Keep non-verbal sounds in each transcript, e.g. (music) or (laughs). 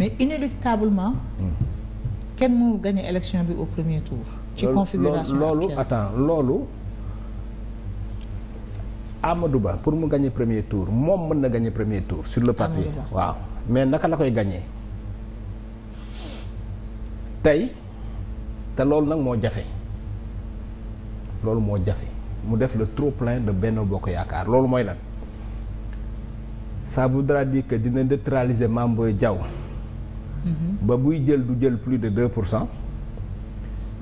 mais inéluctablement. kenn mu gagner élection bi au premier tour. ci configuration loolu loolu attends loolu. Amadou Ba pour mu gagner premier tour moom mën na gagner premier tour sur le papier. waaw mais naka la koy gagner tey te loolu nag moo jafe loolu moo jafe mu def le trop plein de benn Bokk Yaakaar loolu mooy lan ça voudra dire que dina neutraliser Mame Boye Diao Mhm. ba buy jël du jël plus de deux pour cent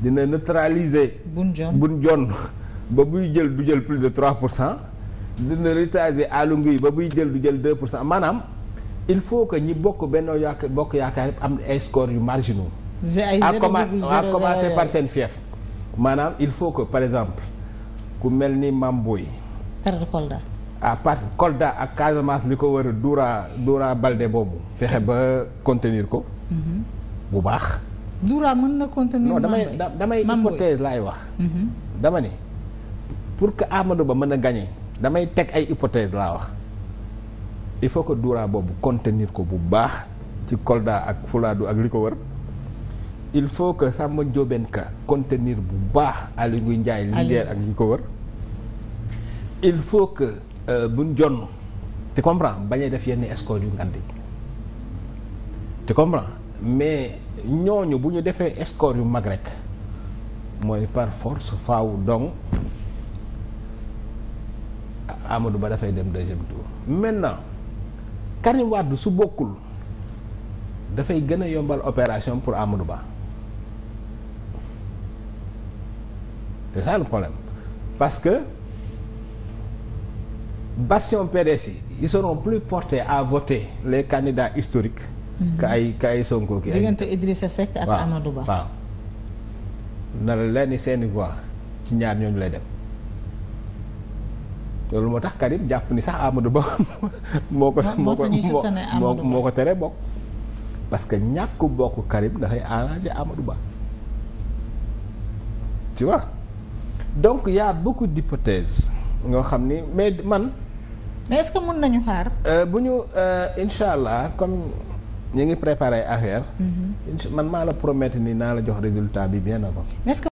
dina neutraliser bun jon ba buy jël du jël plus de trois pour cent dina neutraliser alungu yi ba buy jël du jël deux pour cent maanaam il faut que ñi bokk bennoo Yakk Bokk Yaakaar yëpp am ay scores yu marginaux à commencer par seen fief maanaam il faut que par exemple ku mel ni Mamboy perte Kolda à part Kolda ak Casamance li ko war a Doura Doura Baldé boobu fexe ba contenir ko Mm-hmm. bu baax. Doura mën na contenir. non damay hypothèse laay wax. Mm-hmm. dama ne pour que amado Ba mën a gagner damay teg ay hypothèse laa wax il faut que Doura boobu contenir ko bu baax ci Kolda ak Fuladu ak li ko wër. il faut que sàmm Ndiobène Ka contenir bu baax Aly Ngouille Ndiaye leader ak li ko wër il faut que euh, buñ jonn te comprend bañ def yenn escort yu ngandi te comprend mais ñooñu bu ñu defee score yu mag rek mooy par force faaw dong Amadou Ba dafay dem deuxième tour. maintenant Karim Wade su bokkul dafay gën a yombal opération pour Amadou Ba c'est ça le problème parce que bastion PDS yi ils plus portés à voté les candidats historiques. ka ay ka ay Sonko ki ay diggante Idrissa ak Amadou Ba waaw na la seeni voix ci ñaar ñooñu lay dem loolu moo tax Karim jàpp ni sax Amadou Ba (laughs) moo ko moo ko moo ko tere bokk parce que ñàkk bokk Karim dafay arranger Amadou Ba tu vois donc y a beaucoup d'hypothèses nga xam ni mais man mais est-ce que nañu xaar euh, bu ñu euh, insha allah comme ñu ngi préparé affaire. man maa la promettre ni naa la jox résultat bi bien avant.